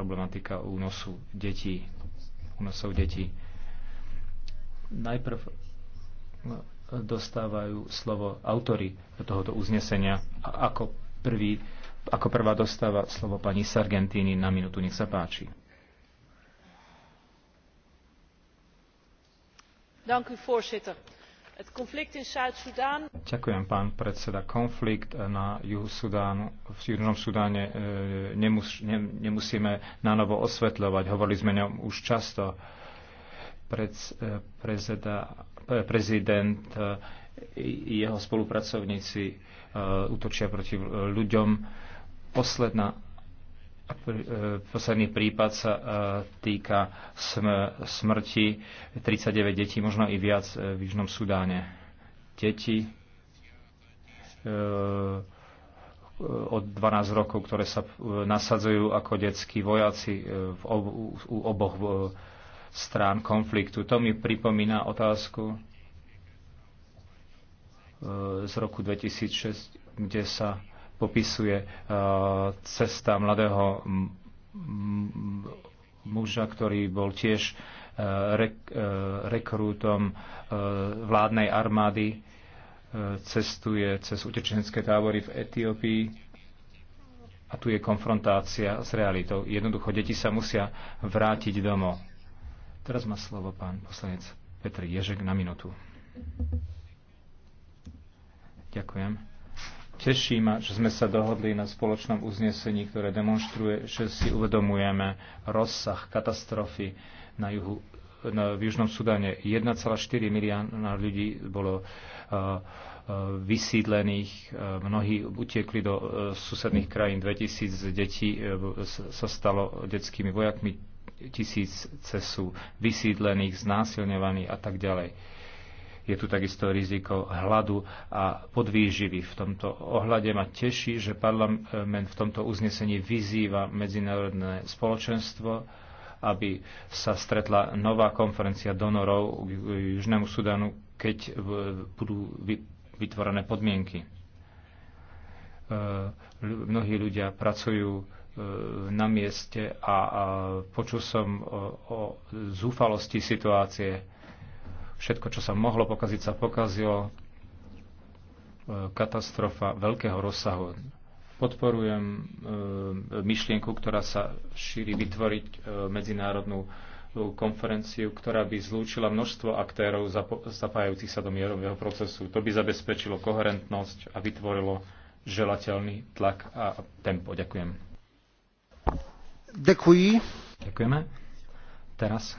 problematika únosu detí. Únosov detí. Najprv no, dostávajú slovo autory tohoto uznesenia a ako, prvý, ako prvá dostáva slovo pani Sargentini na minútu. Nech sa páči. Dank u, voorzitter. Ďakujem, pán predseda. Konflikt na juhu Sudánu, v Južnom Sudáne e, nemus, ne, nemusíme nanovo osvetľovať. Hovorili sme ňom už často. Pred, e, prezeda, e, prezident, jeho spolupracovníci útočia proti ľuďom. Posledná E, posledný prípad sa e, týka smrti 39 detí, možno i viac e, v Južnom Sudáne. Deti od 12 rokov, ktoré sa nasadzujú ako detskí vojaci v u oboch strán konfliktu. To mi pripomína otázku z roku 2006, kde sa popisuje e, cesta mladého muža, ktorý bol tiež e, e, rekrútom vládnej armády, cestuje cez utečenské tábory v Etiópii a tu je konfrontácia s realitou. Jednoducho, deti sa musia vrátiť domov. Teraz má slovo pán poslanec Petr Ježek na minútu. Ďakujem Teší ma, že sme sa dohodli na spoločnom uznesení, ktoré demonstruje, že si uvedomujeme rozsah katastrofy na juhu, na, v Južnom Sudane. 1,4 milióna ľudí bolo uh, uh vysídlených, uh, mnohí utiekli do uh, susedných krajín, 2000 detí uh, sa stalo detskými vojakmi, tisíce sú vysídlených, znásilňovaných a tak ďalej je tu takisto riziko hladu a podvýživy. V tomto ohľade ma teší, že parlament v tomto uznesení vyzýva medzinárodné spoločenstvo, aby sa stretla nová konferencia donorov k Južnému Sudanu, keď budú vytvorené podmienky. E, mnohí ľudia pracujú e, na mieste a počul som o, zúfalosti situácie Všetko, čo sa mohlo pokaziť, sa pokazilo. E, katastrofa veľkého rozsahu. Podporujem e, myšlienku, ktorá sa šíri vytvoriť e, medzinárodnú konferenciu, ktorá by zlúčila množstvo aktérov zapájajúcich sa do mierového procesu. To by zabezpečilo koherentnosť a vytvorilo želateľný tlak a tempo. Ďakujem. Ďakujem. Ďakujeme. Teraz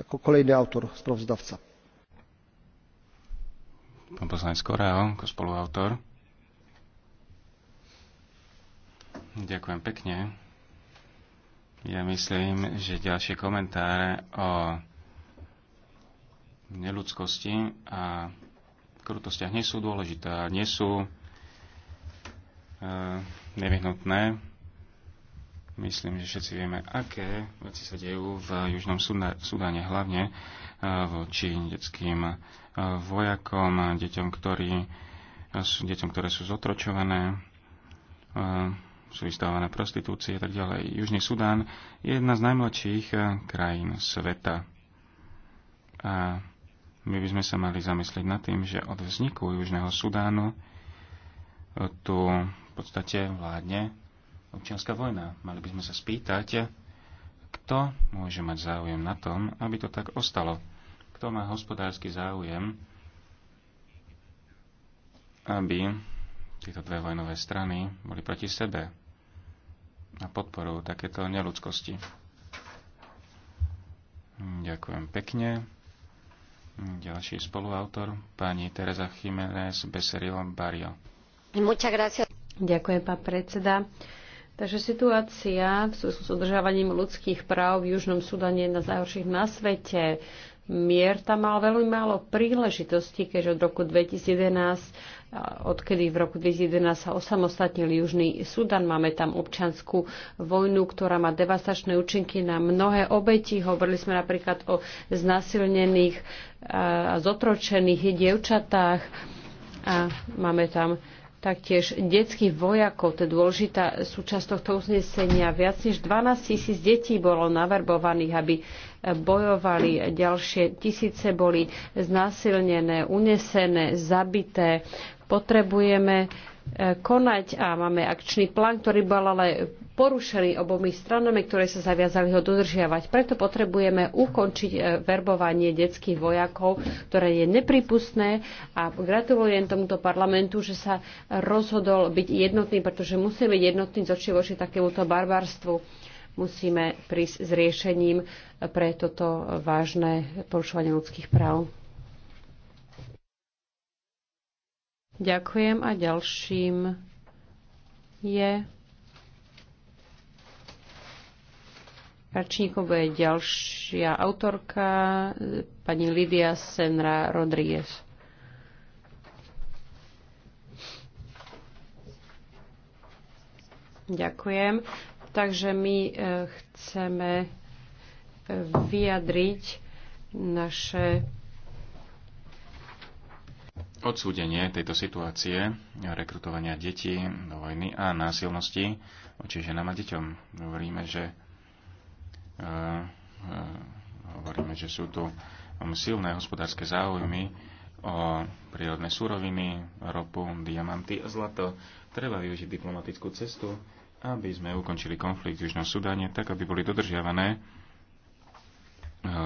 ako kolejný autor, sprovzdavca. Pán poslanec Koreo, ako spoluautor. Ďakujem pekne. Ja myslím, že ďalšie komentáre o neludskosti a krutostiach nie sú dôležité, nie sú e, nevyhnutné Myslím, že všetci vieme, aké veci sa dejú v Južnom Sudáne, hlavne eh, voči detským eh, vojakom, deťom, ktorí, eh, deťom, ktoré sú zotročované, sú vystavované prostitúcie a tak ďalej. Južný Sudán je jedna z najmladších krajín sveta. A my by sme sa mali zamyslieť nad tým, že od vzniku Južného Sudánu tu v podstate vládne občianská vojna. Mali by sme sa spýtať, kto môže mať záujem na tom, aby to tak ostalo. Kto má hospodársky záujem, aby tieto dve vojnové strany boli proti sebe a podporu takéto neludskosti. Ďakujem pekne. Ďalší spoluautor, pani Teresa Jiménez Becerril Barrio. Ďakujem, pán predseda. Takže situácia v súvislosti s udržávaním ľudských práv v Južnom Sudane je na záhorších najhorších na svete. Mier tam mal veľmi málo príležitostí, keďže od roku 2011, odkedy v roku 2011 sa osamostatnil Južný Sudan, máme tam občanskú vojnu, ktorá má devastačné účinky na mnohé obeti. Hovorili sme napríklad o znasilnených a zotročených dievčatách a máme tam taktiež detských vojakov, to je dôležitá súčasť tohto uznesenia. Viac než 12 tisíc detí bolo naverbovaných, aby bojovali, ďalšie tisíce boli znásilnené, unesené, zabité. Potrebujeme E, konať a máme akčný plán, ktorý bol ale porušený obomi stranami, ktoré sa zaviazali ho dodržiavať. Preto potrebujeme ukončiť e, verbovanie detských vojakov, ktoré je nepripustné a gratulujem tomuto parlamentu, že sa rozhodol byť jednotný, pretože musíme byť jednotný z očí voči takémuto barbarstvu. Musíme prísť s riešením pre toto vážne porušovanie ľudských práv. Ďakujem a ďalším je Račníkom bude ďalšia autorka, pani Lidia Senra Rodríguez. Ďakujem. Takže my eh, chceme eh, vyjadriť naše odsúdenie tejto situácie rekrutovania detí do vojny a násilnosti voči ženám a deťom. Hovoríme, že uh, uh, hovoríme, že sú tu silné hospodárske záujmy o prírodné suroviny, ropu, diamanty a zlato. Treba využiť diplomatickú cestu, aby sme ukončili konflikt v Južnom Sudáne tak, aby boli dodržiavané e,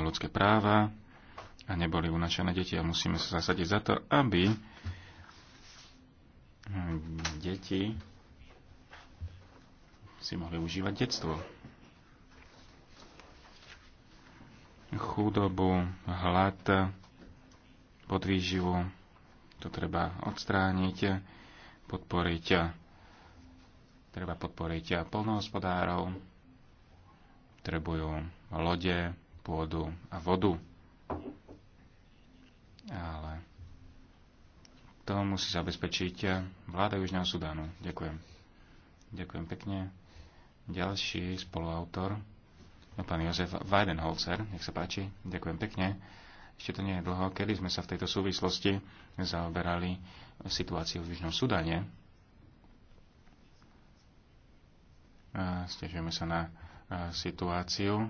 ľudské práva, a neboli unačené deti. A musíme sa zasadiť za to, aby hm, deti si mohli užívať detstvo. Chudobu, hlad, podvýživu, to treba odstrániť, podporiť, treba podporiť polnohospodárov, trebujú lode, pôdu a vodu ale to musí zabezpečiť vláda Južného Sudánu. Ďakujem. Ďakujem pekne. Ďalší spoluautor, no, pán Jozef Weidenholzer, nech sa páči. Ďakujem pekne. Ešte to nie je dlho, kedy sme sa v tejto súvislosti zaoberali situáciu v Južnom Sudáne. Stežujeme sa na situáciu,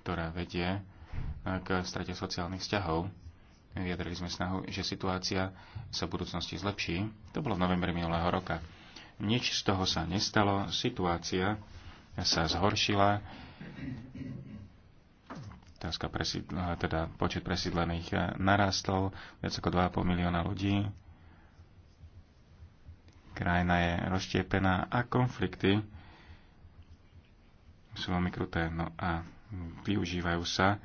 ktorá vedie k strate sociálnych vzťahov Vyjadrili sme snahu, že situácia sa v budúcnosti zlepší. To bolo v novembri minulého roka. Nič z toho sa nestalo, situácia sa zhoršila. Otázka teda počet presídlených eh, narastol, viac ako 2,5 milióna ľudí. Krajina je rozštiepená a konflikty sú veľmi kruté. No a využívajú sa eh,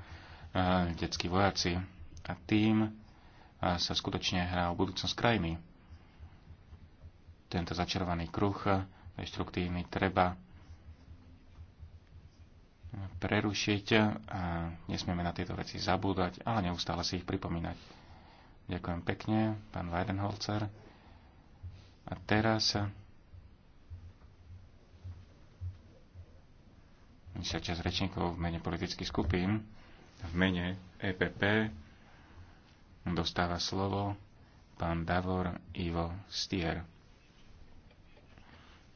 detskí vojaci a tým sa skutočne hrá o budúcnosť krajiny. Tento začarovaný kruh destruktívny, treba prerušiť a nesmieme na tieto veci zabúdať, ale neustále si ich pripomínať. Ďakujem pekne, pán Weidenholzer. A teraz sa čas rečníkov v mene politických skupín, v mene EPP, dostáva slovo pán Davor Ivo Stier.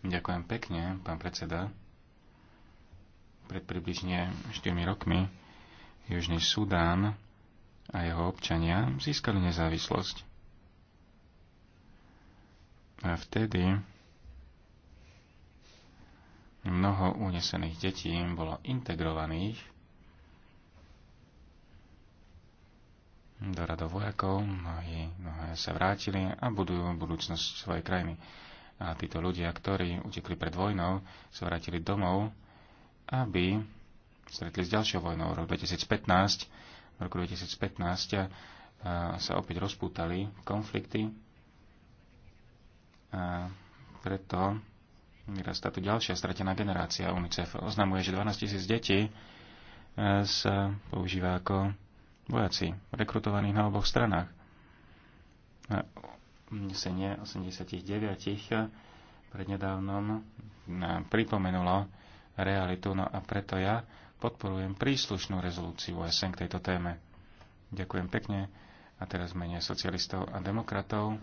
Ďakujem pekne, pán predseda. Pred približne 4 rokmi Južný Sudán a jeho občania získali nezávislosť. A vtedy mnoho unesených detí bolo integrovaných do radov vojakov, mnohí, mnohé sa vrátili a budujú budúcnosť svojej krajiny. A títo ľudia, ktorí utekli pred vojnou, sa vrátili domov, aby stretli s ďalšou vojnou. V roku 2015, v roku 2015 sa opäť rozpútali konflikty a preto vyrastá tu ďalšia stratená generácia. UNICEF oznamuje, že 12 tisíc detí e, sa používa ako vojaci, rekrutovaní na oboch stranách. Unesenie 89. Eh, prednedávnom nám pripomenulo realitu, no a preto ja podporujem príslušnú rezolúciu OSN k tejto téme. Ďakujem pekne a teraz menej socialistov a demokratov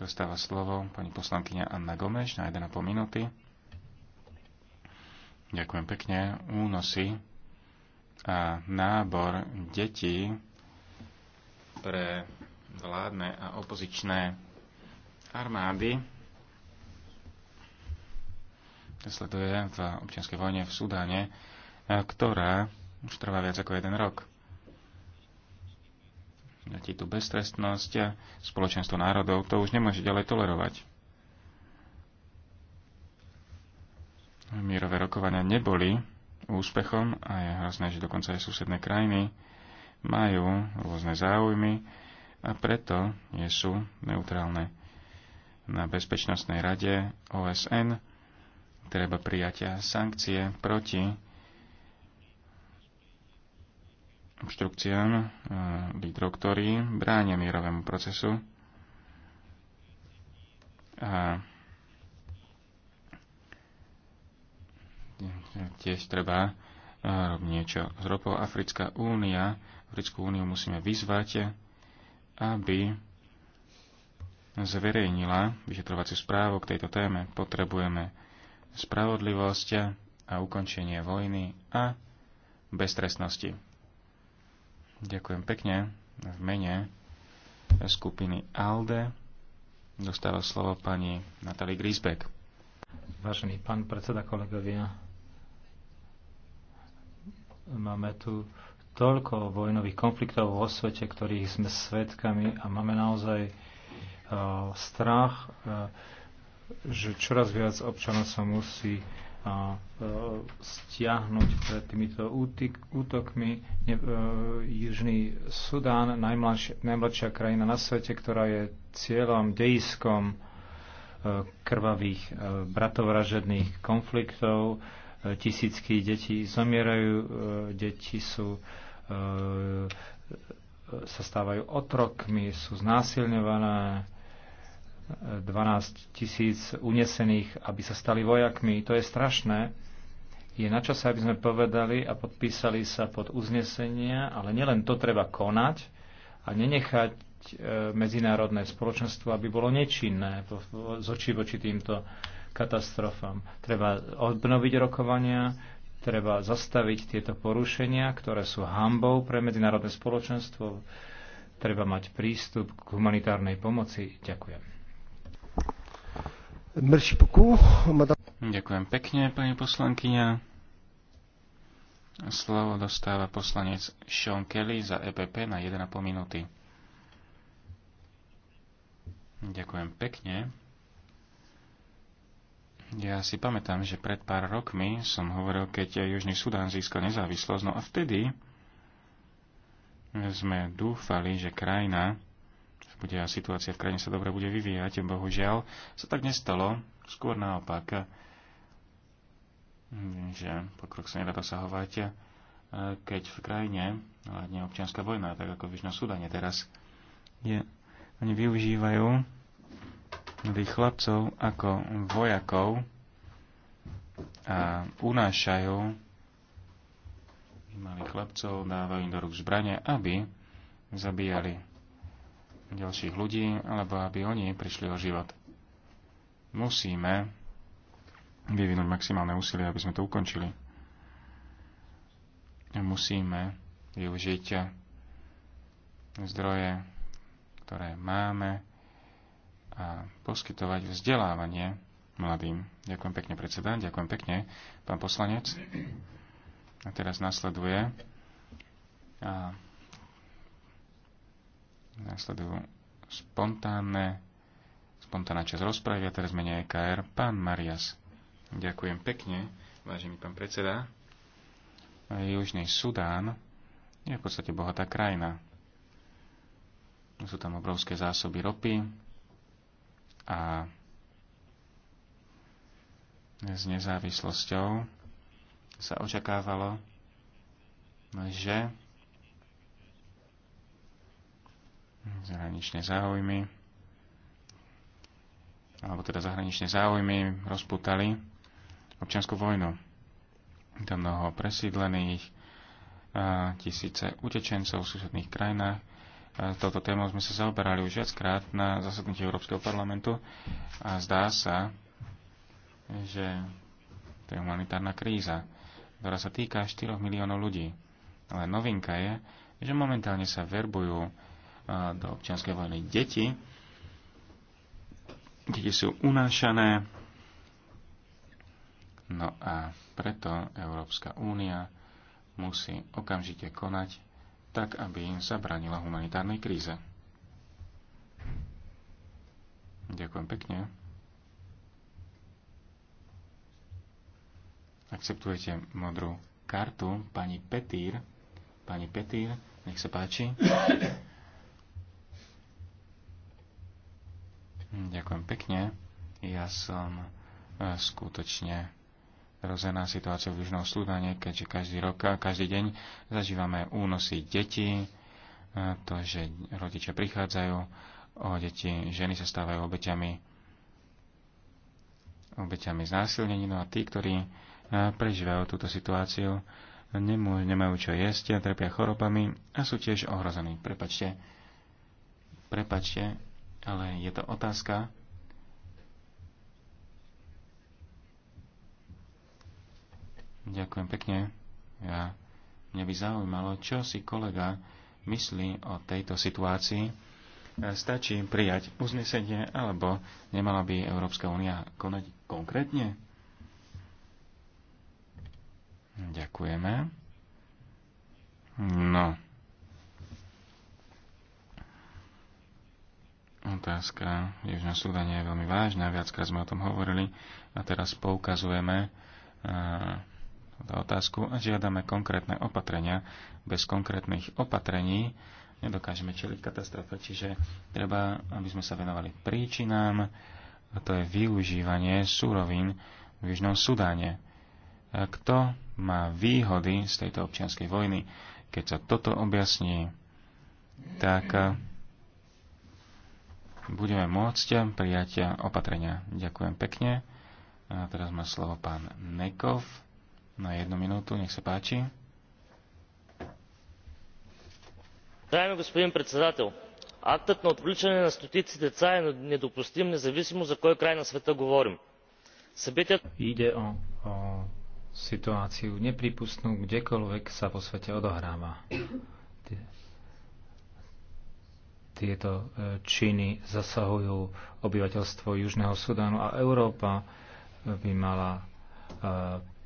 dostáva slovo pani poslankyňa Anna Gomeš na 1,5 minúty. Ďakujem pekne. Únosy a nábor detí pre vládne a opozičné armády sleduje v občianskej vojne v Sudáne, ktorá už trvá viac ako jeden rok. Deti tu beztrestnosť, spoločenstvo národov, to už nemôže ďalej tolerovať. Mírové rokovania neboli úspechom a je hrozné, že dokonca aj susedné krajiny majú rôzne záujmy a preto nie sú neutrálne. Na Bezpečnostnej rade OSN treba prijatia sankcie proti obštrukciám eh, lídrov, ktorí bránia mierovému procesu a Tiež treba eh, robiť niečo z ropou. Africká únia, Africkú úniu musíme vyzvať, aby zverejnila vyšetrovaciu správu k tejto téme. Potrebujeme spravodlivosť a ukončenie vojny a beztrestnosti. Ďakujem pekne v mene skupiny ALDE. Dostáva slovo pani Natalie Grisbeck. Vážený pán predseda, kolegovia, Máme tu toľko vojnových konfliktov vo svete, ktorých sme svetkami a máme naozaj uh, strach, uh, že čoraz viac občanov sa musí a e, stiahnuť pred týmito útik, útokmi. Ne, uh, Južný Sudán, najmladšia, najmladšia krajina na svete, ktorá je cieľom, dejiskom uh, krvavých uh, bratovražedných konfliktov, uh, tisícky detí zomierajú, e, deti sú, e, e, sa stávajú otrokmi, sú znásilňované, 12 tisíc unesených, aby sa stali vojakmi. To je strašné. Je na čase, aby sme povedali a podpísali sa pod uznesenia, ale nielen to treba konať a nenechať medzinárodné spoločenstvo, aby bolo nečinné z očí voči týmto katastrofám. Treba obnoviť rokovania, treba zastaviť tieto porušenia, ktoré sú hambou pre medzinárodné spoločenstvo. Treba mať prístup k humanitárnej pomoci. Ďakujem. Ďakujem pekne, pani poslankyňa. Slovo dostáva poslanec Sean Kelly za EPP na 1,5 minúty. Ďakujem pekne, ja si pamätám, že pred pár rokmi som hovoril, keď Južný Sudán získal nezávislosť, no a vtedy sme dúfali, že krajina, bude a situácia v krajine sa dobre bude vyvíjať, bohužiaľ sa tak nestalo, skôr naopak, že pokrok sa nedá dosahovať, keď v krajine vládne občianská vojna, tak ako v Južnom Sudáne teraz, je, oni využívajú mladých chlapcov ako vojakov a unášajú malých chlapcov, dávajú im do rúk zbranie, aby zabíjali ďalších ľudí, alebo aby oni prišli o život. Musíme vyvinúť maximálne úsilie, aby sme to ukončili. Musíme využiť zdroje, ktoré máme, a poskytovať vzdelávanie mladým. Ďakujem pekne, predseda. Ďakujem pekne, pán poslanec. A teraz nasleduje a nasledujú spontánne spontánna časť rozpravy a teraz menej EKR. Pán Marias, ďakujem pekne, vážený pán predseda. Južný Sudán je v podstate bohatá krajina. Sú tam obrovské zásoby ropy, a s nezávislosťou sa očakávalo, že zahraničné záujmy alebo teda zahraničné záujmy rozputali občianskú vojnu. Je tam mnoho presídlených, tisíce utečencov v susedných krajinách toto tému sme sa zaoberali už viackrát na zasadnutí Európskeho parlamentu a zdá sa, že to je humanitárna kríza, ktorá sa týka 4 miliónov ľudí. Ale novinka je, že momentálne sa verbujú do občianskej vojny deti. Deti sú unášané. No a preto Európska únia musí okamžite konať tak aby sa bránila humanitárnej kríze. Ďakujem pekne. Akceptujete modrú kartu pani Petír. Pani Petýr, nech sa páči. Ďakujem pekne. Ja som e, skutočne rozená situácia v Južnom Súdane, keďže každý rok a každý deň zažívame únosy detí, to, že rodičia prichádzajú o deti, ženy sa stávajú obeťami, obeťami znásilnení, no a tí, ktorí prežívajú túto situáciu, nemôžu, nemajú čo jesť, a trpia chorobami a sú tiež ohrození. Prepačte, prepačte, ale je to otázka, Ďakujem pekne. Ja, mňa by zaujímalo, čo si kolega myslí o tejto situácii. E, stačí prijať uznesenie, alebo nemala by Európska únia konať konkrétne? Ďakujeme. No. Otázka Južného súdanie je veľmi vážna, viackrát sme o tom hovorili a teraz poukazujeme otázku a žiadame konkrétne opatrenia. Bez konkrétnych opatrení nedokážeme čeliť katastrofe, čiže treba, aby sme sa venovali príčinám, a to je využívanie súrovín v Južnom Sudáne. A kto má výhody z tejto občianskej vojny? Keď sa toto objasní, tak budeme môcť prijať opatrenia. Ďakujem pekne. A teraz má slovo pán Nekov na jednu minútu, nech sa páči. Уважаеми господин председател, актът на отвличане на стотици деца е недопустим, независимо за кой край на света говорим. Събитието... Иде о, о ситуацию неприпустнú, kdekoľvek sa po svete odohráva. Tieto činy zasahujú obyvateľstvo Južného Sudánu a Európa by mala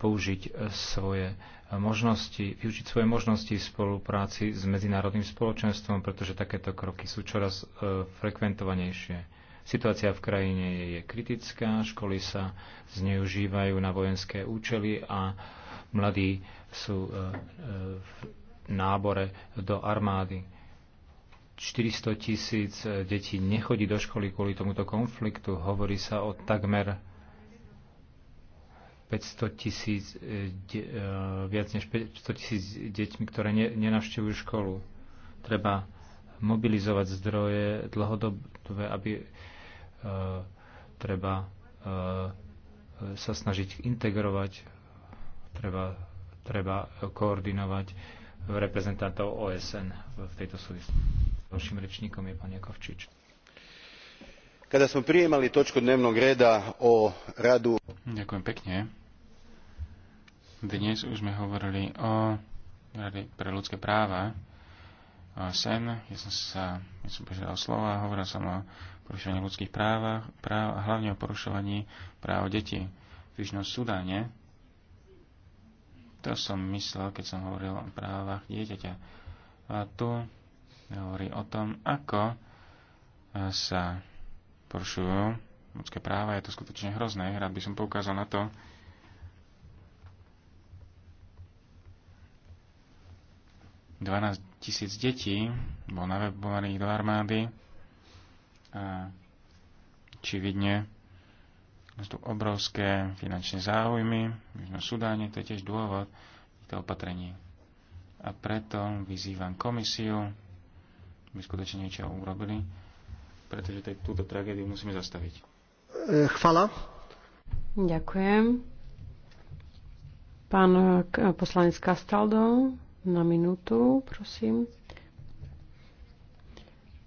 použiť e, svoje e, možnosti, využiť svoje možnosti v spolupráci s medzinárodným spoločenstvom, pretože takéto kroky sú čoraz e, frekventovanejšie. Situácia v krajine je kritická, školy sa zneužívajú na vojenské účely a mladí sú v nábore do armády. 400 tisíc detí nechodí do školy kvôli tomuto konfliktu. Hovorí sa o takmer 500 tisíc, e, e, viac než 500 tisíc deťmi, ktoré nenavštevujú školu. Treba mobilizovať zdroje dlhodobé, aby e, treba sa snažiť integrovať, treba, treba koordinovať reprezentantov OSN v tejto súvislosti. Ďalším rečníkom je pán Jakovčič kada smo prijemali točku dnevnog reda o radu Ďakujem pekne. Dnes už sme hovorili o Rady pre ľudské práva. O sen, ja som sa, ja som požiadal slova, hovoril som o porušovaní ľudských práv, práv a hlavne o porušovaní práv detí v Južnom Sudáne. To som myslel, keď som hovoril o právach dieťaťa. A tu hovorí o tom, ako sa porušujú ľudské práva. Je to skutočne hrozné. Rád by som poukázal na to, 12 tisíc detí bol navebovaných do armády a vidne, sú tu obrovské finančné záujmy v Sudáne, to je tiež dôvod týchto opatrení. A preto vyzývam komisiu, aby skutočne niečo urobili, pretože tej, túto tragédiu musíme zastaviť. Eh, chvala. Ďakujem. Pán eh, poslanec Castaldo na minútu, prosím.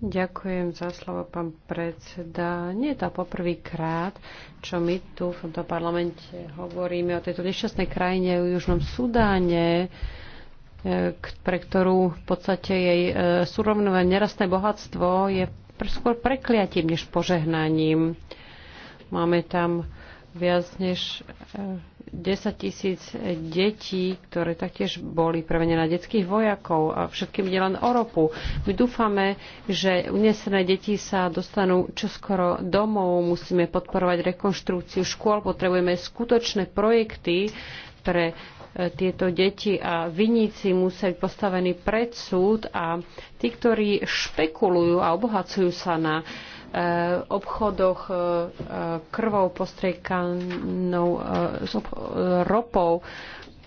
Ďakujem za slovo, pán predseda. Nie je to poprvýkrát, čo my tu v tomto parlamente hovoríme o tejto nešťastnej krajine v Južnom Sudáne, e, pre ktorú v podstate jej e, súrovnové nerastné bohatstvo je skôr prekliatím než požehnaním. Máme tam viac než e, 10 tisíc detí, ktoré taktiež boli prevené na detských vojakov a všetkým ide len o ropu. My dúfame, že unesené deti sa dostanú čoskoro domov, musíme podporovať rekonštrukciu škôl, potrebujeme skutočné projekty pre e, tieto deti a viníci musia byť postavení pred súd a tí, ktorí špekulujú a obohacujú sa na uh, Eh, obchodoch eh, eh, krvou postriekanou ropou,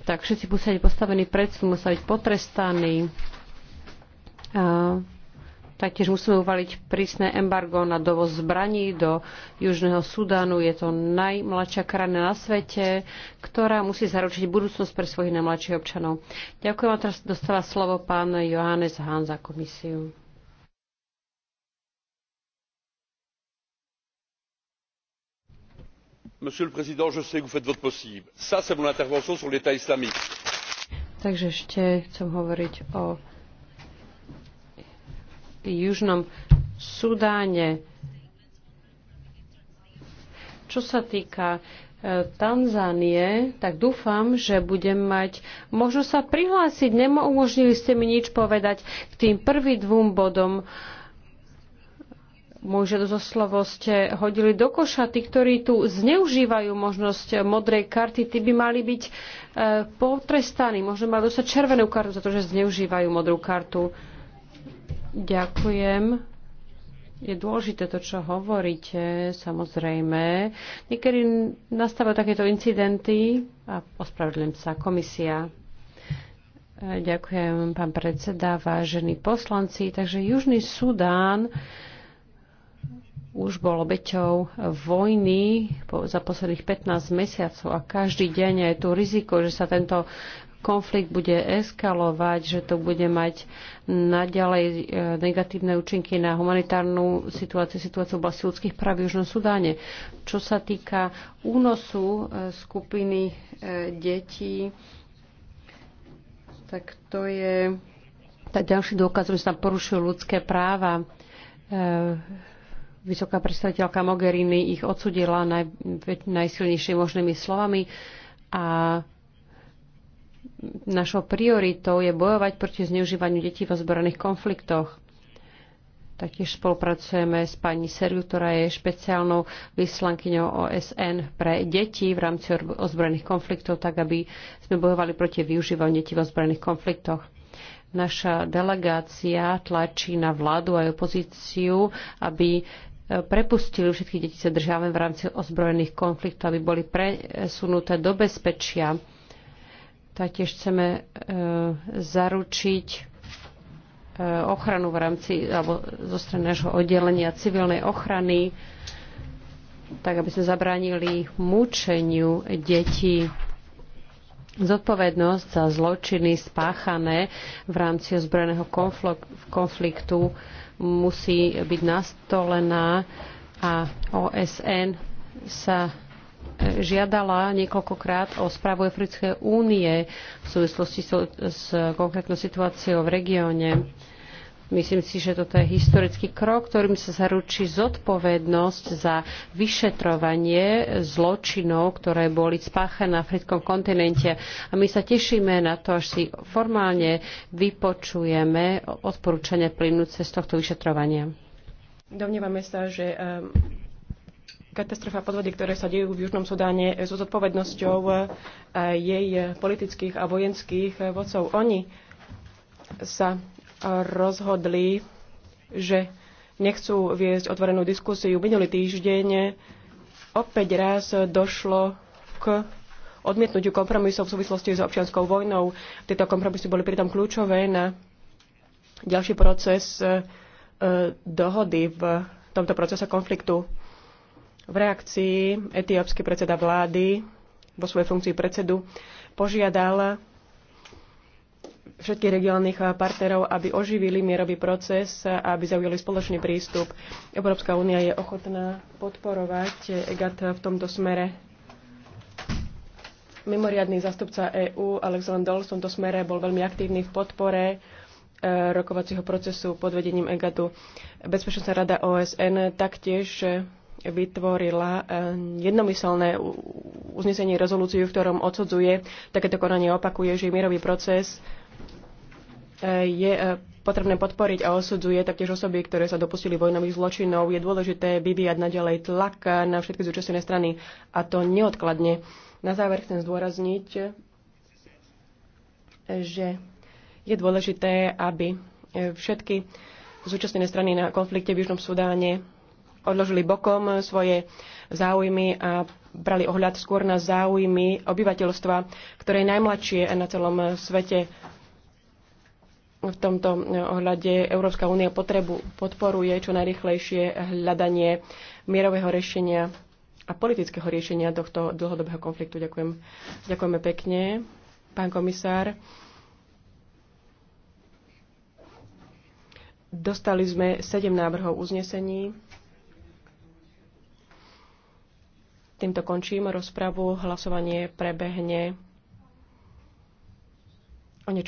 tak všetci musia byť postavení pred súd, musia byť potrestaní. Taktiež musíme uvaliť prísne embargo na dovoz zbraní do Južného Sudánu. Je to najmladšia krajina na svete, ktorá musí zaručiť budúcnosť pre svojich najmladších občanov. Ďakujem a teraz dostáva slovo pán Johannes Hahn za komisiu. monsieur le président je sais que vous faites votre possible. ça c'est mon intervention sur l'état islamique. takže ešte chcem hovoriť o južnom sudáne. čo sa týka e, Tanzánie, tak dúfam, že budem mať možnosť sa prihlásiť. Neumožnili ste mi nič povedať k tým prvým dvom bodom. Uh, muže zo ste hodili do koša. Tí, ktorí tu zneužívajú možnosť modrej karty, tí by mali byť e, potrestaní. Možno mali dostať červenú kartu za to, že zneužívajú modrú kartu. Ďakujem. Je dôležité to, čo hovoríte, samozrejme. Niekedy nastávajú takéto incidenty a ospravedlím sa komisia. E, ďakujem, pán predseda, vážení poslanci. Takže Južný Sudán už bol obeťou vojny za posledných 15 mesiacov a každý deň je tu riziko, že sa tento konflikt bude eskalovať, že to bude mať naďalej e, negatívne účinky na humanitárnu situáciu, situáciu v oblasti ľudských práv v Južnom Sudáne. Čo sa týka únosu e, skupiny e, detí, tak to je tak ďalší dôkaz, že sa porušujú ľudské práva Vysoká predstaviteľka Mogherini ich odsudila naj, najsilnejšími možnými slovami a našou prioritou je bojovať proti zneužívaniu detí v ozbrojených konfliktoch. Taktiež spolupracujeme s pani Serviu, ktorá je špeciálnou vyslankyňou OSN pre deti v rámci ozbrojených konfliktov, tak aby sme bojovali proti využívaniu detí v ozbrojených konfliktoch. Naša delegácia tlačí na vládu aj opozíciu, aby prepustili všetky deti sa držáme v rámci ozbrojených konfliktov, aby boli presunuté do bezpečia. Taktiež chceme e, zaručiť e, ochranu v rámci alebo zo strany nášho oddelenia civilnej ochrany, tak aby sme zabránili mučeniu detí. Zodpovednosť za zločiny spáchané v rámci ozbrojeného konfliktu musí byť nastolená a OSN sa e, žiadala niekoľkokrát o správu Africkej únie v súvislosti s konkrétnou situáciou v regióne. Myslím si, že toto je historický krok, ktorým sa zaručí zodpovednosť za vyšetrovanie zločinov, ktoré boli spáchané na africkom kontinente. A my sa tešíme na to, až si formálne vypočujeme odporúčania plynúce z tohto vyšetrovania. Domnievame sa, že ehm, katastrofa podvody, ktoré sa dejú v Južnom Sudáne, e, so zodpovednosťou e, jej politických a vojenských e, vodcov. Oni sa rozhodli, že nechcú viesť otvorenú diskusiu. Minulý týždeň opäť raz došlo k odmietnutiu kompromisov v súvislosti s občianskou vojnou. Tieto kompromisy boli pritom kľúčové na ďalší proces e, dohody v tomto procese konfliktu. V reakcii etiópsky predseda vlády vo svojej funkcii predsedu požiadal všetkých regionálnych eh, partnerov, aby oživili mierový proces eh, a aby zaujali spoločný prístup. Európska únia je ochotná podporovať EGAT v tomto smere. Mimoriadný zastupca EÚ Alexander Dol v tomto smere bol veľmi aktívny v podpore eh, rokovacieho procesu pod vedením EGATu. Bezpečnostná rada OSN taktiež vytvorila jednomyselné uznesenie rezolúciu, v ktorom odsudzuje takéto konanie opakuje, že mierový proces je e, potrebné podporiť a osudzuje taktiež osoby, ktoré sa dopustili vojnových zločinov. Je dôležité vyvíjať naďalej tlak na všetky zúčastnené strany a to neodkladne. Na záver chcem zdôrazniť, že je dôležité, aby všetky zúčastnené strany na konflikte v Južnom Sudáne odložili bokom svoje záujmy a brali ohľad skôr na záujmy obyvateľstva, ktoré je najmladšie na celom svete v tomto e, ohľade Európska únia potrebu, podporuje čo najrychlejšie hľadanie mierového riešenia a politického riešenia tohto dlhodobého konfliktu. Ďakujem. Ďakujeme pekne, pán komisár. Dostali sme sedem návrhov uznesení. Týmto končím rozpravu. Hlasovanie prebehne